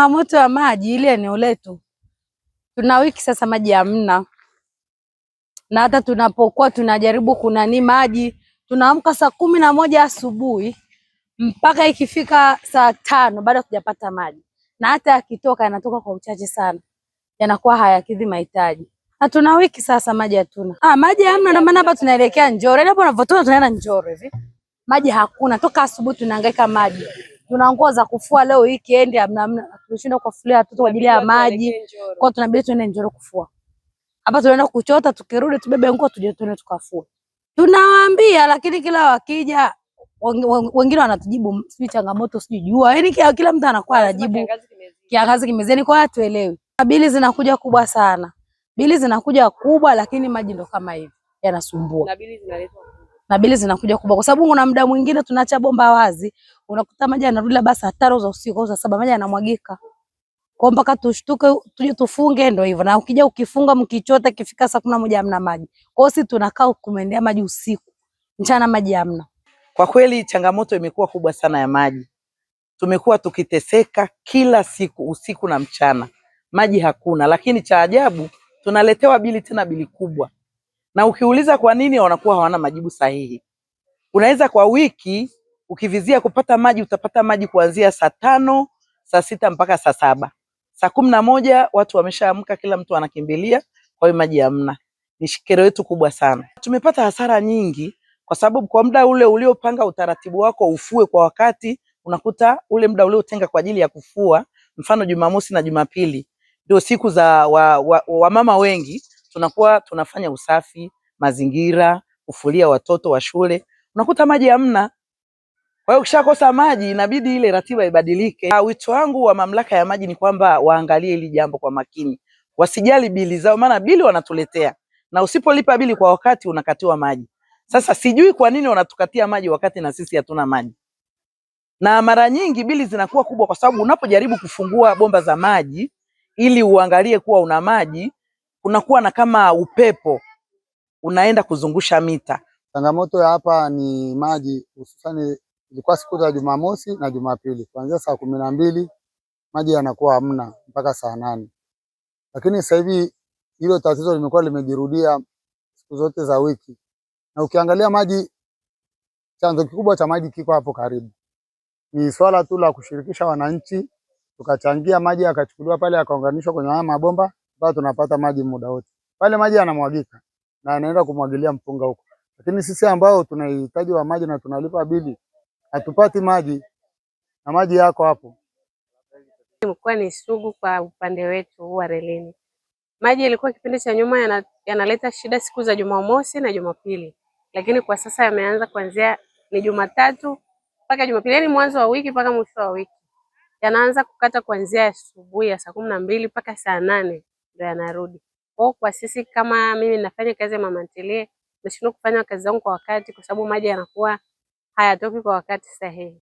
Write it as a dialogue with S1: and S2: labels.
S1: changamoto ya maji ile eneo letu, tuna wiki sasa maji hamna, na hata tunapokuwa tunajaribu kunani maji, tunaamka saa kumi na moja asubuhi mpaka ikifika saa tano bado hatujapata maji, na hata yakitoka yanatoka kwa uchache sana, yanakuwa hayakidhi mahitaji na tuna wiki sasa maji hatuna. Ah, maji hamna, ndio maana hapa tunaelekea Njoro. Yaani hapo unavotoka tunaenda Njoro hivi. Maji hakuna toka asubuhi tunahangaika maji tuna nguo za kufua leo weekend, amna amna, tunashinda kufulia watoto kwa ajili ya maji, kwa tunabidi tuende Njoro kufua. Hapa tunaenda kuchota, tukirudi tubebe nguo tuje tuende tukafue. Tunawaambia, lakini kila wakija wengine wanatujibu sijui changamoto sijui jua, yaani kila, kila mtu anakuwa anajibu kiangazi kimezeni, kwa watu elewi, Bili zinakuja kubwa sana, bili zinakuja kubwa, lakini maji ndo kama hivi yanasumbua
S2: na bili zinaletwa
S1: na bili zinakuja kubwa, kwa sababu kuna muda mwingine tunaacha bomba wazi, unakuta maji yanarudi labda saa tano za usiku au saa saba, maji yanamwagika kwa mpaka tushtuke tuje tufunge, ndio hivyo. Na ukija ukifunga mkichota, kifika saa kumi na moja hamna maji. Kwa hiyo sisi tunakaa kumendea maji usiku, mchana maji hamna.
S3: Kwa kweli changamoto imekuwa kubwa sana ya maji, tumekuwa tukiteseka kila siku, usiku na mchana, maji hakuna. Lakini cha ajabu tunaletewa bili tena bili kubwa na ukiuliza kwa nini wanakuwa hawana majibu sahihi. Unaweza kwa wiki ukivizia kupata maji utapata maji kuanzia saa tano, saa sita mpaka saa saba. Saa kumi na moja watu wameshaamka, kila mtu anakimbilia, kwa hiyo maji hamna. Ni shikero yetu kubwa sana. Tumepata hasara nyingi kwa sababu kwa muda ule uliopanga utaratibu wako ufue kwa wakati, unakuta ule muda uliotenga kwa ajili ya kufua, mfano Jumamosi na Jumapili ndio siku za wamama wa, wa wengi tunakuwa tunafanya usafi mazingira, kufulia watoto wa shule, unakuta maji hamna. Kwa hiyo ukishakosa maji inabidi ile ratiba ibadilike. Ah, wito wangu wa mamlaka ya maji ni kwamba waangalie hili jambo kwa makini, wasijali bili zao, maana bili wanatuletea, na usipolipa bili kwa wakati unakatiwa maji. Sasa sijui kwa nini wanatukatia maji wakati na sisi hatuna maji, na mara nyingi bili zinakuwa kubwa kwa sababu unapojaribu kufungua bomba za maji ili uangalie kuwa una maji kunakuwa na kama upepo unaenda kuzungusha mita.
S4: Changamoto ya hapa ni maji, hususani ilikuwa siku za Jumamosi na Jumapili kuanzia saa kumi na mbili maji yanakuwa hamna mpaka saa nane, lakini sasa hivi hilo tatizo limekuwa limejirudia siku zote za wiki, na ukiangalia maji, chanzo kikubwa cha maji kiko hapo karibu. Ni swala tu la kushirikisha wananchi, tukachangia maji yakachukuliwa pale yakaunganishwa kwenye haya mabomba ambayo tunapata maji muda wote. Pale maji yanamwagika na anaenda kumwagilia mpunga huko. Lakini sisi ambao tunahitaji wa maji na tunalipa bili hatupati maji na maji yako hapo.
S1: Imekuwa ni sugu kwa upande wetu wa relini. Maji yalikuwa kipindi cha nyuma yanaleta yana shida siku za Jumamosi na Jumapili, lakini kwa sasa yameanza kuanzia ni Jumatatu mpaka Jumapili, yani mwanzo wa wiki mpaka mwisho wa wiki, yanaanza kukata kuanzia asubuhi ya saa kumi na mbili mpaka saa nane ndo yanarudi. Kwa kwa sisi kama mimi nafanya kazi ya mama ntilie, nashindwa kufanya kazi zangu kwa wakati, kwa sababu maji yanakuwa hayatoki kwa wakati sahihi.